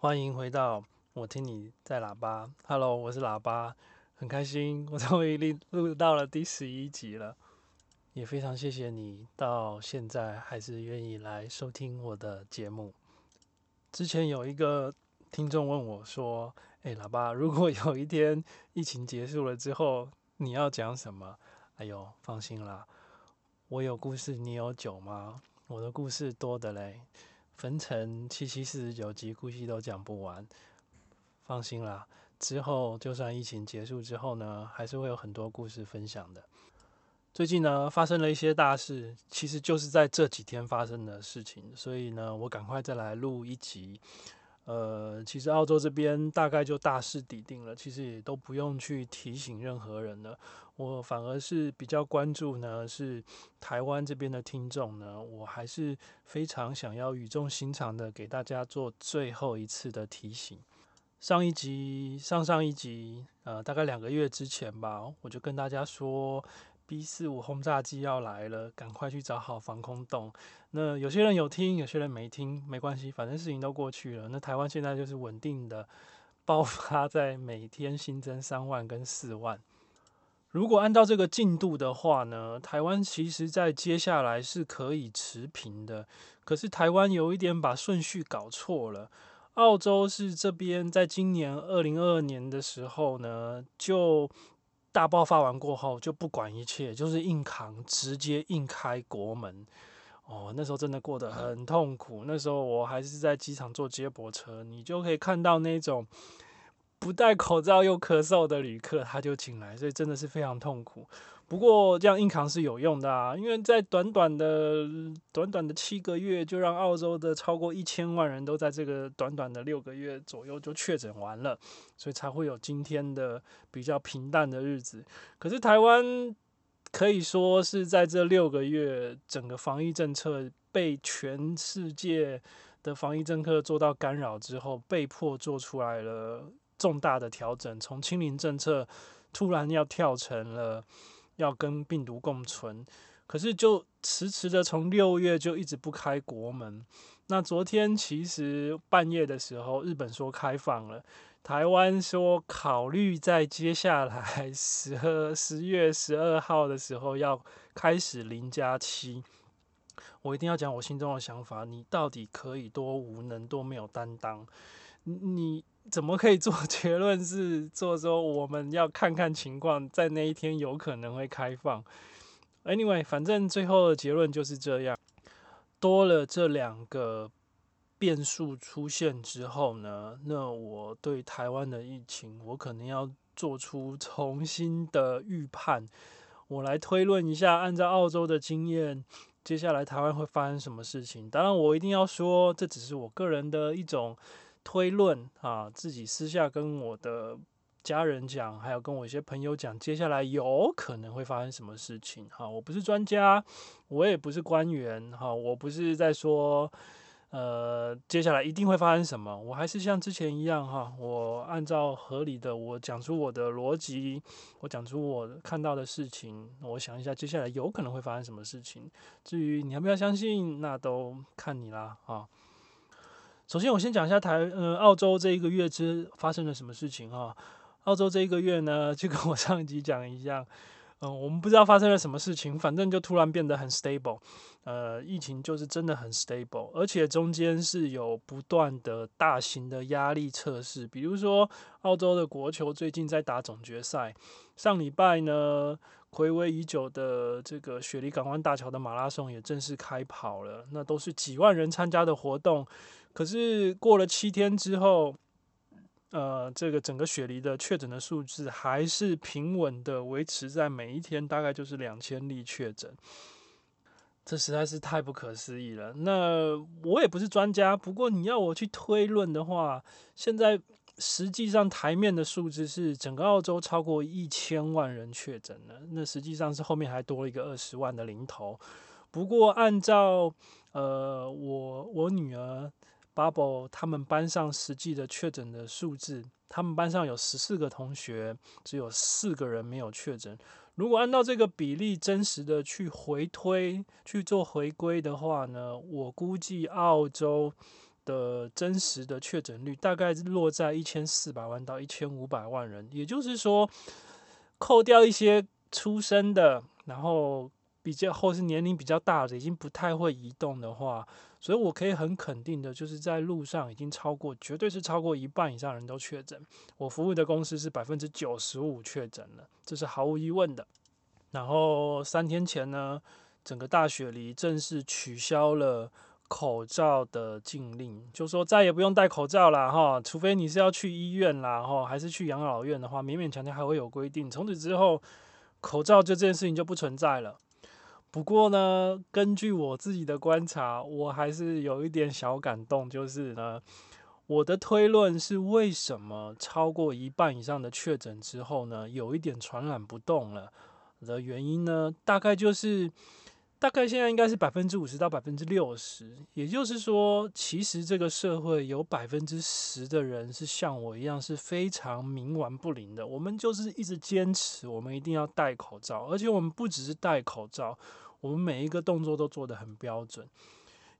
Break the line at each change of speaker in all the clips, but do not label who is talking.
歡迎回到我聽你在喇叭，Hello，我是喇叭，很開心，我終於錄到了第十一集了，也非常謝謝你到現在還是願意來收聽我的節目。之前有一個聽眾問我說：“哎、欸，喇叭，如果有一天疫情結束了之後。”你要講什麼？哎呦，放心啦，我有故事，你有酒嗎？我的故事多的嘞，分成七七四十九集估計都講不完。放心啦，之後就算疫情結束之後呢，還是會有很多故事分享的。最近呢，發生了一些大事，其實就是在這幾天發生的事情，所以呢，我趕快再來錄一集。呃，其實澳洲這邊大概就大勢底定了，其實也都不用去提醒任何人了。我反而是比較關注呢，是台灣這邊的聽眾呢，我還是非常想要語重心長的給大家做最後一次的提醒。上一集、上上一集，呃，大概兩個月之前吧，我就跟大家說。B 四五轟炸機要來了，趕快去找好防空洞。那有些人有聽，有些人沒聽，沒關係，反正事情都過去了。那台灣現在就是穩定的爆發在每天新增三萬跟四萬。如果按照這個進度的話呢，台灣其實在接下來是可以持平的。可是台灣有一點把順序搞錯了，澳洲是這邊在今年二零二二年的時候呢就。大爆發完過後，就不管一切，就是硬扛，直接硬開國門。哦，那時候真的過得很痛苦。那時候我還是在機場坐接駁車，你就可以看到那種不戴口罩又咳嗽的旅客，他就進來，所以真的是非常痛苦。不過這樣硬扛是有用的啊，因為在短短的短短的七個月，就讓澳洲的超過一千萬人都在這個短短的六個月左右就確診完了，所以才會有今天的比較平淡的日子。可是台灣可以說是在這六個月，整個防疫政策被全世界的防疫政客做到干擾之後，被迫做出來了重大的調整，從清零政策突然要跳成了。要跟病毒共存，可是就遲遲的從六月就一直不開國門。那昨天其實半夜的時候，日本說開放了，台灣說考慮在接下來十二十月十二號的時候要開始零加七。我一定要講我心中的想法，你到底可以多無能，多沒有擔當？你。怎麼可以做結論？是做說我們要看看情況，在那一天有可能會開放。Anyway，反正最後的結論就是這樣。多了這兩個變數出現之後呢，那我對台灣的疫情，我可能要做出重新的預判。我來推論一下，按照澳洲的經驗，接下來台灣會發生什麼事情？當然，我一定要說，這只是我個人的一種。推論啊，自己私下跟我的家人講，還有跟我一些朋友講，接下來有可能會發生什麼事情？哈、啊，我不是專家，我也不是官員，哈、啊，我不是在說，呃，接下來一定會發生什麼。我還是像之前一樣，哈、啊，我按照合理的，我講出我的邏輯，我講出我看到的事情，我想一下接下來有可能會發生什麼事情。至於你要不要相信，那都看你啦，啊。首先，我先講一下臺呃，澳洲這一個月之發生了什麼事情哈。澳洲這一個月呢，就跟我上一集講一樣，嗯，我們不知道發生了什麼事情，反正就突然變得很 stable，呃，疫情就是真的很 stable，而且中間是有不斷的大型的壓力測試，比如說澳洲的國球最近在打總決賽，上禮拜呢，睽違已久的這個雪梨港灣大橋的馬拉松也正式開跑了，那都是幾萬人參加的活動。可是過了七天之後，呃，這個整個雪梨的確診的數字還是平穩的維持在每一天大概就是兩千例確診，這實在是太不可思議了。那我也不是專家，不過你要我去推論的話，現在實際上台面的數字是整個澳洲超過一千萬人確診的，那實際上是後面還多了一個二十萬的零頭。不過按照呃我我女兒。Bubble 他們班上實際的確診的數字，他們班上有十四個同學，只有四個人沒有確診。如果按照這個比例真實的去回推去做回歸的話呢，我估計澳洲的真實的確診率大概落在一千四百萬到一千五百萬人。也就是說，扣掉一些出生的，然後比較或是年齡比較大的，已經不太會移動的話。所以，我可以很肯定的，就是在路上已經超過，絕對是超過一半以上人都確診。我服務的公司是百分之九十五確診了，這是毫無疑問的。然後三天前呢，整個大雪梨正式取消了口罩的禁令，就說再也不用戴口罩了哈，除非你是要去醫院啦，哈，還是去養老院的話，勉勉強強還會有規定。從此之後，口罩就這件事情就不存在了。不過呢，根據我自己的觀察，我還是有一點小感動，就是呢，我的推論是，為什麼超過一半以上的確診之後呢，有一點傳染不動了的原因呢，大概就是。大概現在應該是百分之五十到百分之六十，也就是說，其實這個社會有百分之十的人是像我一樣是非常冥頑不靈的。我們就是一直堅持，我們一定要戴口罩，而且我們不只是戴口罩，我們每一個動作都做得很標準。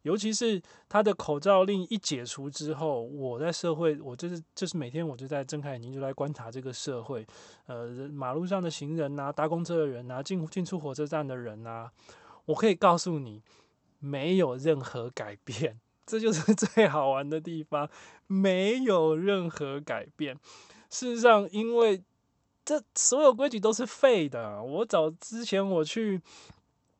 尤其是他的口罩令一解除之後，我在社會，我就是就是每天我就在睜開眼睛就來觀察這個社會，呃，馬路上的行人吶，搭公車的人吶，進進出火車站的人吶。我可以告訴你，沒有任何改變，這就是最好玩的地方，沒有任何改變。事實上，因為這所有規矩都是廢的啊。我早之前我去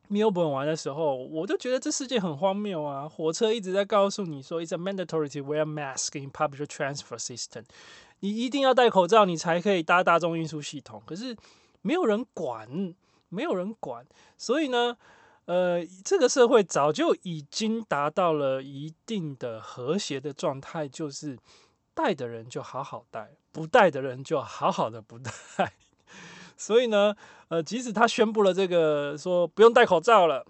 墨爾本玩的時候，我就覺得這世界很荒謬啊！火車一直在告訴你說，It's a mandatory to wear mask in public transfer system，你一定要戴口罩，你才可以搭大眾運輸系統。可是沒有人管，沒有人管，所以呢？呃，這個社會早就已經達到了一定的和諧的狀態，就是戴的人就好好戴，不戴的人就好好的不戴。 所以呢，呃，即使他宣布了這個，說不用戴口罩了，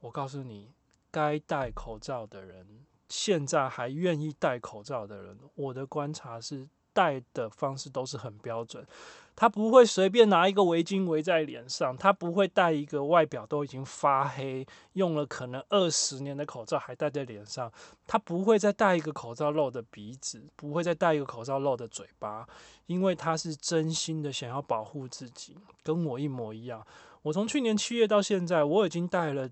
我告訴你，該戴口罩的人，現在還願意戴口罩的人，我的觀察是。戴的方式都是很標準，他不會隨便拿一個圍巾圍在臉上，他不會戴一個外表都已經發黑、用了可能二十年的口罩還戴在臉上，他不會再戴一個口罩露着鼻子，不會再戴一個口罩露着嘴巴，因為他是真心的想要保護自己，跟我一模一樣。我從去年七月到現在，我已經戴了，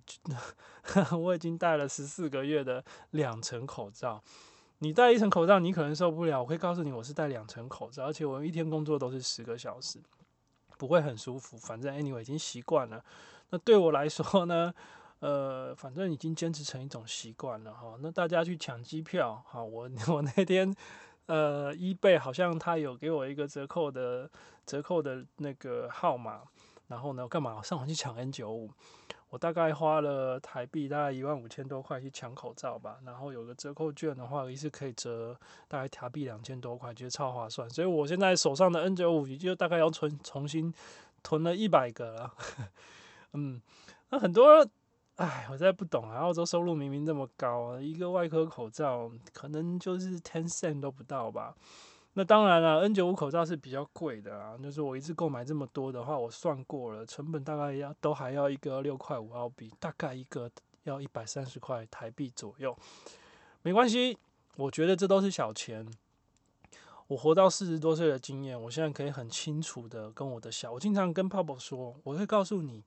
呵呵，我已經戴了十四個月的兩層口罩。你戴一層口罩，你可能受不了。我可以告訴你，我是戴兩層口罩，而且我一天工作都是十個小時，不會很舒服。反正 anyway 已經習慣了。那對我來說呢？呃，反正已經堅持成一種習慣了哈。那大家去搶機票，哈，我我那天呃 eBay 好像他有給我一個折扣的折扣的那個號碼，然後呢，我幹嘛我上網去搶 N 九五。我大概花了台幣大概一萬五千多塊去搶口罩吧，然後有個折扣券的話，一是可以折大概台幣兩千多塊，覺得超划算，所以我現在手上的 N 九五就大概要重重新囤了一百個了。 嗯，那很多，唉，我現在不懂啊，澳洲收入明明這麼高，一個外科口罩可能就是 ten cent 都不到吧。那當然了，N95 口罩是比較貴的啊。就是我一次購買這麼多的話，我算過了，成本大概要都還要一個六塊五澳幣，大概一個要一百三十塊台幣左右。沒關係，我覺得這都是小錢。我活到四十多歲的經驗，我現在可以很清楚的跟我的小，我經常跟泡泡說，我會告訴你，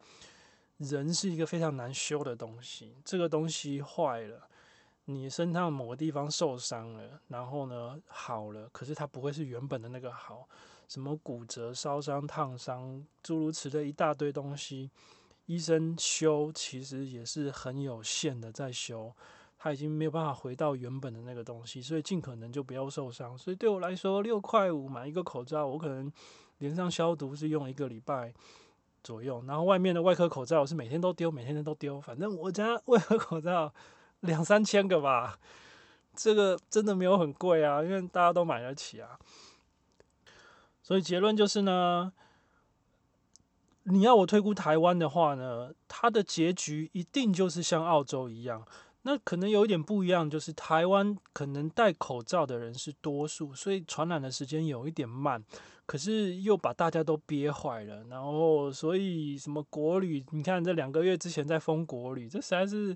人是一個非常難修的東西，這個東西壞了。你身上某個地方受傷了，然後呢，好了，可是它不會是原本的那個好。什麼骨折、燒傷、燙傷，諸如此類一大堆東西，醫生修其實也是很有限的，在修，他已經沒有辦法回到原本的那個東西，所以盡可能就不要受傷。所以對我來說，六塊五買一個口罩，我可能連上消毒是用一個禮拜左右，然後外面的外科口罩我是每天都丟，每天都丟，反正我家外科口罩，兩三千個吧，這個真的沒有很貴啊，因為大家都買得起啊。所以結論就是呢，你要我推估台灣的話呢，它的結局一定就是像澳洲一樣。那可能有一點不一樣，就是台灣可能戴口罩的人是多數，所以傳染的時間有一點慢，可是又把大家都憋壞了。然後所以什麼國旅，你看這兩個月之前在封國旅，這實在是。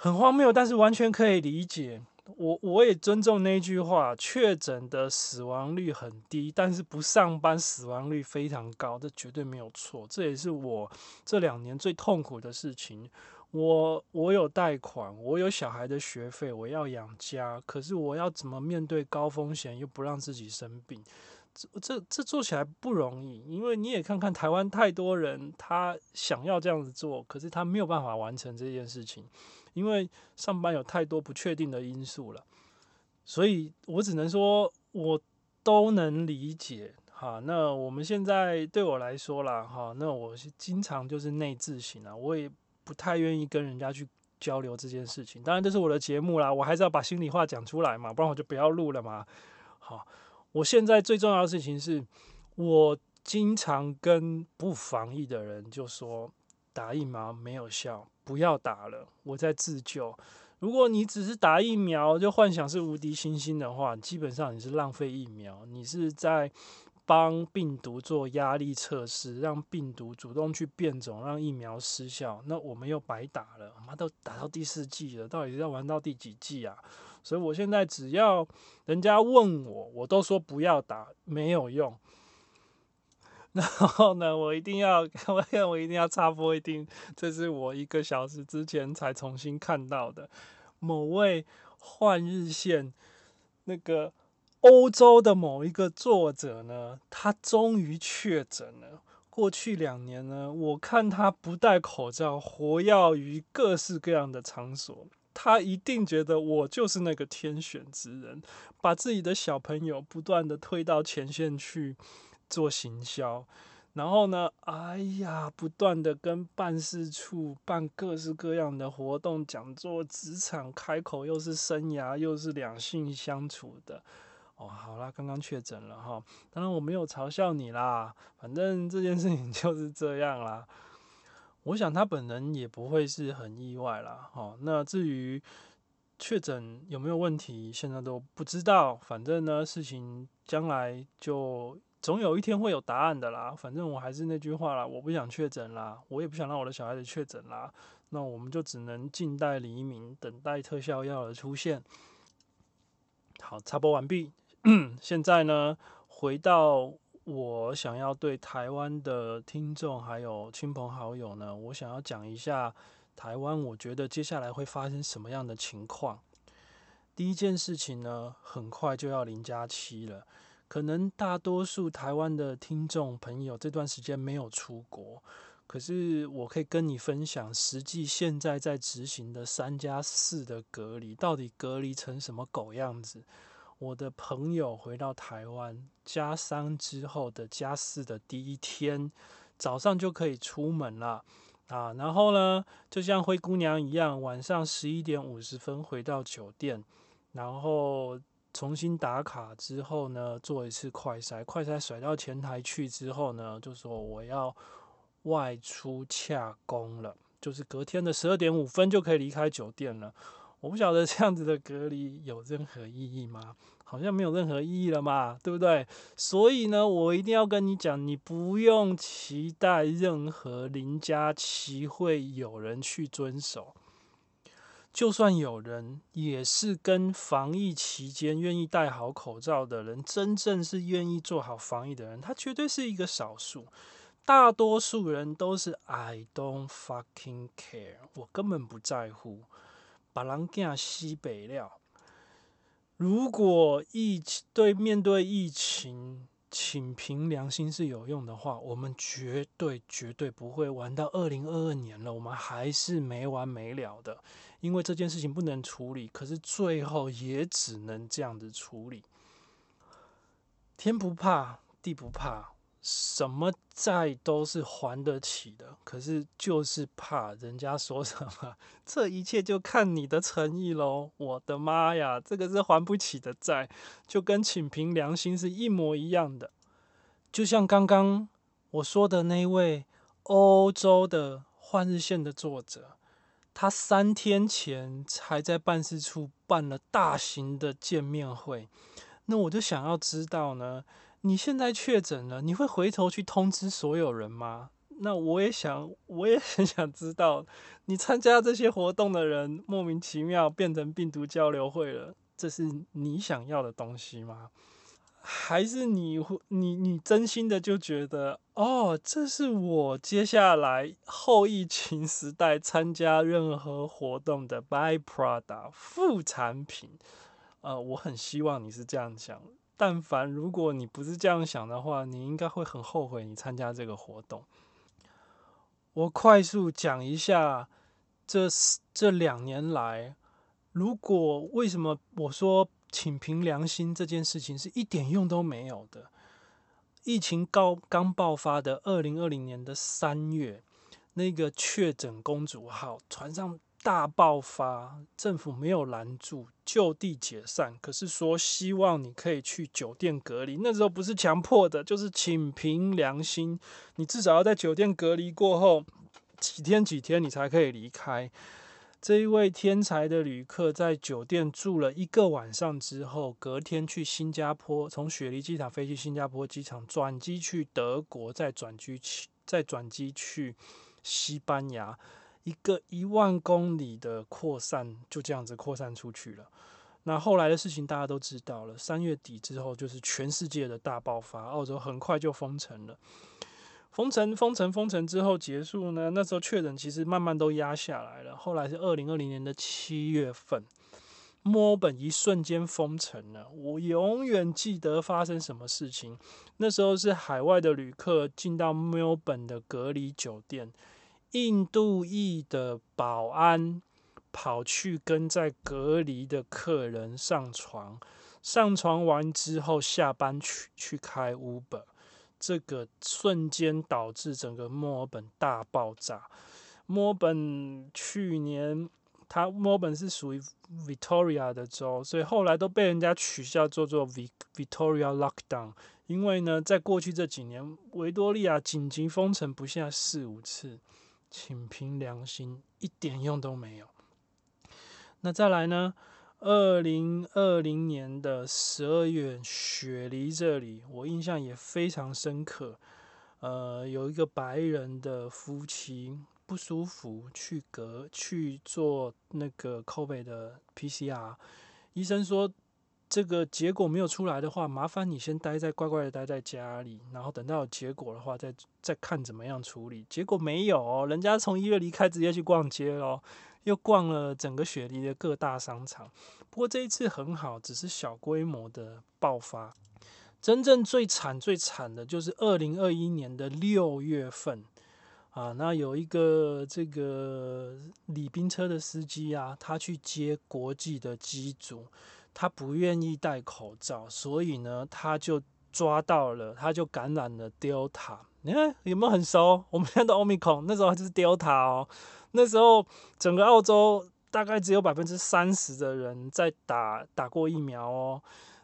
很荒謬，但是完全可以理解。我我也尊重那句話：確診的死亡率很低，但是不上班死亡率非常高，這絕對沒有錯。這也是我這兩年最痛苦的事情。我我有貸款，我有小孩的學費，我要養家。可是我要怎麼面對高風險又不讓自己生病？這這這做起來不容易，因為你也看看台灣太多人，他想要這樣子做，可是他沒有辦法完成這件事情。因為上班有太多不確定的因素了，所以我只能說，我都能理解哈。那我們現在對我來說啦，哈，那我是經常就是內自型啊，我也不太願意跟人家去交流這件事情。當然，這是我的節目啦，我還是要把心裡話講出來嘛，不然我就不要錄了嘛。好，我現在最重要的事情是，我經常跟不防疫的人就說，打疫苗沒有效。不要打了，我在自救。如果你只是打疫苗就幻想是無敵星星的話，基本上你是浪費疫苗，你是在幫病毒做壓力測試，讓病毒主動去變種，讓疫苗失效。那我們又白打了，我們都打到第四季了，到底是要玩到第幾季啊？所以我現在只要人家問我，我都說不要打，沒有用。然後呢，我一定要，我一定要插播一點。這是我一個小時之前才重新看到的。某位換日線那個歐洲的某一個作者呢，他終於確診了。過去兩年呢，我看他不戴口罩，活躍於各式各樣的場所。他一定覺得我就是那個天選之人，把自己的小朋友不斷的推到前線去。做行銷，然後呢，哎呀，不斷地跟辦事處辦各式各樣的活動、講座，職場開口又是生涯，又是兩性相處的。哦，好啦，剛剛確診了哈，當然我沒有嘲笑你啦，反正這件事情就是這樣啦。我想他本人也不會是很意外啦。哦，那至於確診有沒有問題，現在都不知道。反正呢，事情將來就。總有一天會有答案的啦。反正我還是那句話啦，我不想確診啦，我也不想讓我的小孩子確診啦。那我們就只能靜待黎明，等待特效藥的出現。好，插播完畢。 現在呢，回到我想要對台灣的聽眾還有親朋好友呢，我想要講一下台灣，我覺得接下來會發生什麼樣的情況。第一件事情呢，很快就要零加七了。可能大多數台灣的聽眾朋友這段時間沒有出國，可是我可以跟你分享，實際現在在執行的三加四的隔離，到底隔離成什麼狗樣子？我的朋友回到台灣加三之後的加四的第一天，早上就可以出門了啊，然後呢，就像灰姑娘一樣，晚上十一點五十分回到酒店，然後。重新打卡之後呢，做一次快篩，快篩甩到前台去之後呢，就說我要外出洽公了，就是隔天的十二點五分就可以離開酒店了。我不曉得這樣子的隔離有任何意義嗎？好像沒有任何意義了嘛，對不對？所以呢，我一定要跟你講，你不用期待任何零加七會有人去遵守。就算有人，也是跟防疫期間願意戴好口罩的人，真正是願意做好防疫的人，他絕對是一個少數。大多數人都是 I don't fucking care，我根本不在乎。把人給西北了。如果疫情對面對疫情。請憑良心是有用的話，我們絕對絕對不會玩到二零二二年了，我們還是沒完沒了的，因為這件事情不能處理，可是最後也只能這樣子處理。天不怕，地不怕。什麼債都是還得起的，可是就是怕人家說什麼，這一切就看你的誠意嘍。我的媽呀，這個是還不起的債，就跟請憑良心是一模一樣的。就像剛剛我說的那位歐洲的換日線的作者，他三天前還在辦事處辦了大型的見面會，那我就想要知道呢。你現在確診了，你會回頭去通知所有人嗎？那我也想，我也很想知道，你參加這些活動的人莫名其妙變成病毒交流會了，這是你想要的東西嗎？還是你你你真心的就覺得，哦，這是我接下來後疫情時代參加任何活動的 byproduct 副產品？呃，我很希望你是這樣想的。但凡如果你不是這樣想的話，你應該會很後悔你參加這個活動。我快速講一下這這兩年來，如果為什麼我說請憑良心這件事情是一點用都沒有的？疫情剛剛爆發的二零二零年的三月，那個確診公主號船上。大爆發，政府沒有攔住，就地解散。可是說希望你可以去酒店隔離，那時候不是強迫的，就是請憑良心，你至少要在酒店隔離過後幾天幾天，你才可以離開。這一位天才的旅客在酒店住了一個晚上之後，隔天去新加坡，從雪梨機場飛去新加坡機場，轉機去德國，再轉機去再轉機去西班牙。一個一萬公里的擴散就這樣子擴散出去了。那後來的事情大家都知道了。三月底之後就是全世界的大爆發，澳洲很快就封城了。封城、封城、封城之後結束呢？那時候確診其實慢慢都壓下來了。後來是二零二零年的七月份，墨爾本一瞬間封城了。我永遠記得發生什麼事情。那時候是海外的旅客進到墨爾本的隔離酒店。印度裔的保安跑去跟在隔離的客人上床，上床完之後下班去去開 Uber，這個瞬間導致整個墨爾本大爆炸。墨爾本去年，它墨爾本是屬於 Victoria 的州，所以後來都被人家取笑叫做做 Victoria Lockdown，因為呢，在過去這幾年維多利亞緊急封城不下四五次。請憑良心，一點用都沒有。那再來呢？二零二零年的十二月，雪梨這裡，我印象也非常深刻。呃，有一個白人的夫妻不舒服，去隔去做那個 COVID 的 PCR，醫生說。這個結果沒有出來的話，麻煩你先待在乖乖的待在家裡，然後等到有結果的話再再看怎麼樣處理。結果沒有哦，人家從醫院離開，直接去逛街嘍哦，又逛了整個雪梨的各大商場。不過這一次很好，只是小規模的爆發。真正最慘最慘的就是二零二一年的六月份啊，那有一個這個禮賓車的司機啊，他去接國際的機組。他不願意戴口罩，所以呢，他就抓到了，他就感染了 Delta。你、欸、看有沒有很熟？我們現在都 Omicron，那時候就是 Delta 哦。那時候整個澳洲大概只有百分之三十的人在打打過疫苗哦。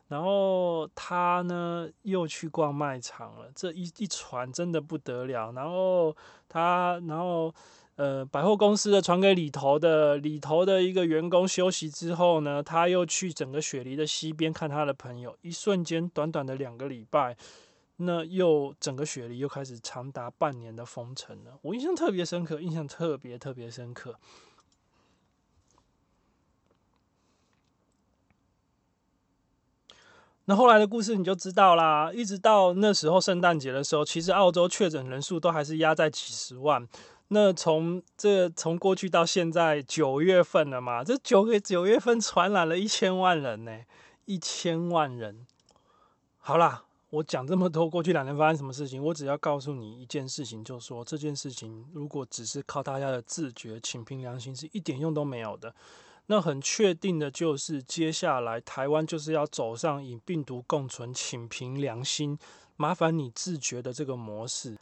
然後他呢又去逛賣場了，這一一傳真的不得了。然後他，然後。呃，百貨公司的傳給裡頭的裡頭的一個員工休息之後呢，他又去整個雪梨的西邊看他的朋友。一瞬間，短短的兩個禮拜，那又整個雪梨又開始長達半年的封城了。我印象特別深刻，印象特別特別深刻。那後來的故事你就知道啦。一直到那時候聖誕節的時候，其實澳洲確診人數都還是壓在幾十萬。那從這從過去到現在九月份了嘛？這九月，九月份傳染了一千萬人呢、欸，一千萬人。好啦，我講這麼多過去兩年發生什麼事情，我只要告訴你一件事情就，就說這件事情如果只是靠大家的自覺，請憑良心是一點用都沒有的。那很確定的就是，接下來台灣就是要走上以病毒共存，請憑良心，麻煩你自覺的這個模式。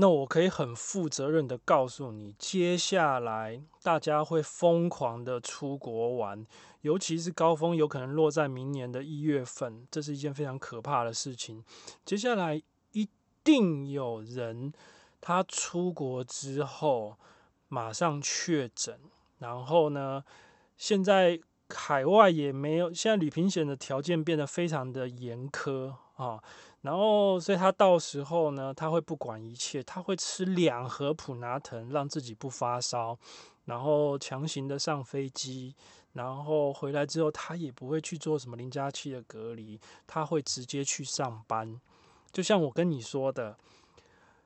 那我可以很負責任的告訴你，接下來大家會瘋狂的出國玩，尤其是高峰有可能落在明年的一月份，這是一件非常可怕的事情。接下來一定有人他出國之後馬上確診，然後呢，現在海外也沒有，現在旅行險的條件變得非常的嚴苛啊。然後，所以他到時候呢，他會不管一切，他會吃兩盒普拿疼，讓自己不發燒，然後強行的上飛機，然後回來之後，他也不會去做什麼零加七的隔離，他會直接去上班，就像我跟你說的。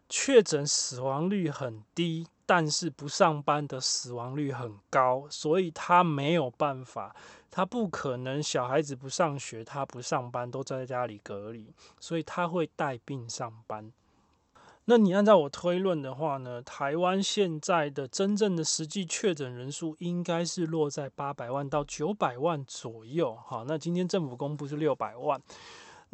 確診死亡率很低，但是不上班的死亡率很高，所以他沒有辦法，他不可能小孩子不上學，他不上班，都在家裡隔離，所以他會帶病上班。那你按照我推論的話呢，台灣現在的真正的實際確診人數應該是落在八百萬到九百萬左右。好，那今天政府公布是六百萬。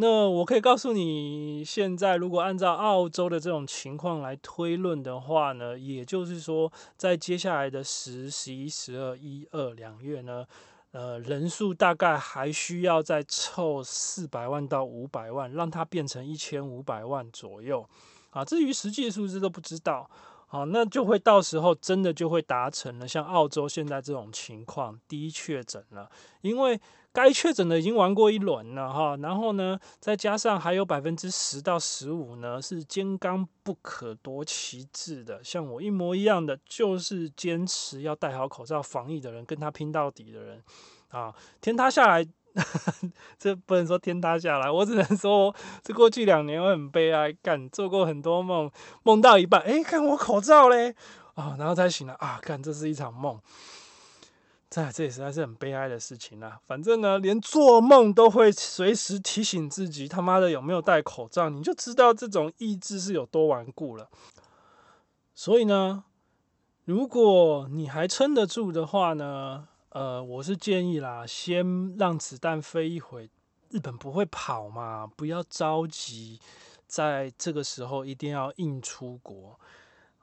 那我可以告訴你，現在如果按照澳洲的這種情況來推論的話呢，也就是說，在接下來的十、十一、十二、一二兩月呢，呃，人數大概還需要再湊四百萬到五百萬，讓它變成一千五百萬左右。啊，至於實際的數字都不知道。啊，那就會到時候真的就會達成了，像澳洲現在這種情況，的確診了，因為。該確診的已經玩過一輪了哈，然後呢，再加上還有百分之十到十五呢，是堅剛不可奪其志的，像我一模一樣的，就是堅持要戴好口罩防疫的人，跟他拼到底的人，啊，天塌下來，呵呵這不能說天塌下來，我只能說這過去兩年我很悲哀，干做過很多夢，夢到一半，哎，看我口罩嘞，啊，然後才醒來，啊，看這是一場夢。在，這也實在是很悲哀的事情啦。反正呢，連做夢都會隨時提醒自己，他媽的有沒有戴口罩，你就知道這種意志是有多頑固了。所以呢，如果你還撐得住的話呢，呃，我是建議啦，先讓子彈飛一會。日本不會跑嘛，不要着急。在這個時候，一定要硬出國。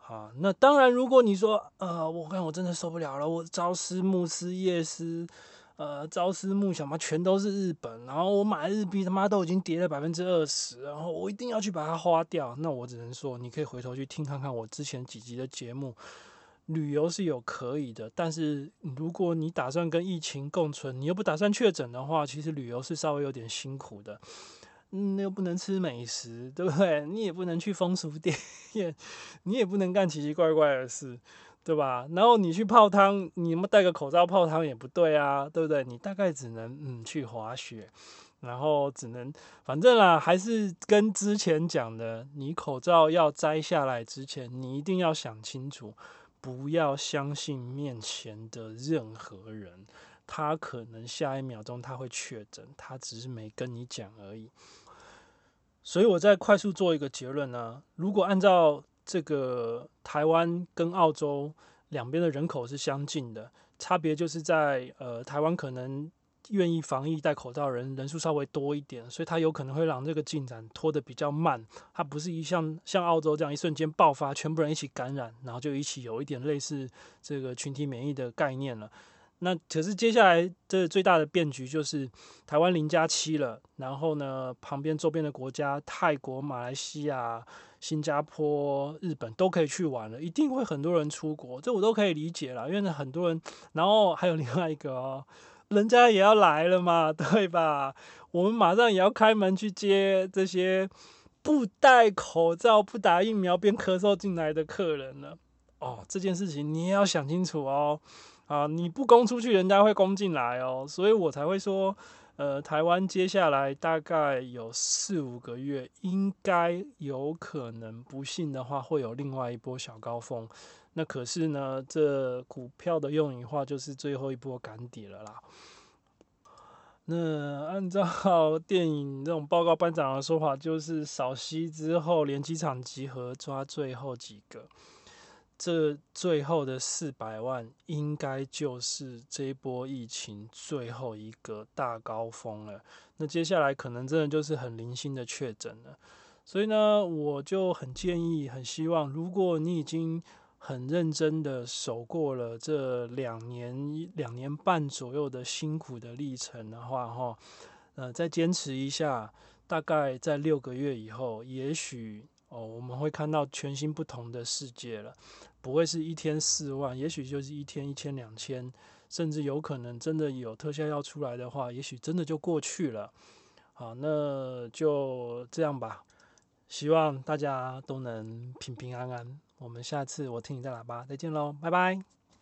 啊，那當然，如果你說，呃，我看我真的受不了了，我朝思暮思夜思，呃，朝思暮想嘛，全都是日本，然後我買日幣他媽都已經跌了百分之二十，然後我一定要去把它花掉，那我只能說，你可以回頭去聽看看我之前幾集的節目，旅遊是有可以的，但是如果你打算跟疫情共存，你又不打算確診的話，其實旅遊是稍微有點辛苦的。嗯，那又不能吃美食，對不對？你也不能去風俗店， 你也不能幹奇奇怪怪的事，對吧？然後你去泡湯，你們戴個口罩泡湯也不對啊，對不對？你大概只能嗯去滑雪，然後只能反正啦、啊，還是跟之前講的，你口罩要摘下來之前，你一定要想清楚，不要相信面前的任何人。他可能下一秒鐘他會確診，他只是沒跟你講而已。所以我再快速做一個結論呢、啊。如果按照這個台灣跟澳洲兩邊的人口是相近的，差別就是在呃台灣可能願意防疫戴口罩的人人數稍微多一點，所以它有可能會讓這個進展拖得比較慢。它不是一像像澳洲這樣一瞬間爆發，全部人一起感染，然後就一起有一點類似這個群體免疫的概念了。那可是接下來這最大的變局就是台灣零加七了，然後呢，旁邊周邊的國家，泰國、馬來西亞、新加坡、日本都可以去玩了，一定會很多人出國，這我都可以理解啦，因為很多人。然後還有另外一個、喔，哦，人家也要來了嘛，對吧？我們馬上也要開門去接這些不戴口罩、不打疫苗、邊咳嗽進來的客人了。哦、喔，這件事情你也要想清楚哦、喔。啊！你不攻出去，人家會攻進來哦，所以我才會說，呃，台灣接下來大概有四五個月，應該有可能，不幸的話會有另外一波小高峰。那可是呢，這股票的用語的話就是最後一波趕底了啦。那按照電影這種報告班長的說法，就是掃息之後，連機場集合抓最後幾個。這最後的四百萬，應該就是這一波疫情最後一個大高峰了。那接下來可能真的就是很零星的確診了。所以呢，我就很建議、很希望，如果你已經很認真的守過了這兩年、兩年半左右的辛苦的歷程的話，哈，呃，再堅持一下，大概在六個月以後，也許。哦，我們會看到全新不同的世界了，不會是一天四萬，也許就是一天一千、兩千，甚至有可能真的有特效藥出來的話，也許真的就過去了。好，那就這樣吧，希望大家都能平平安安。我們下次我聽你的喇叭，再見嘍，拜拜。